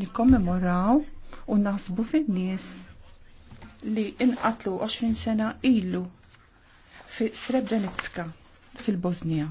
nikkommemoraw u nasbu fin-nies li inqatlu 20 sena ilu fi Srebrenica fil-Bosnija.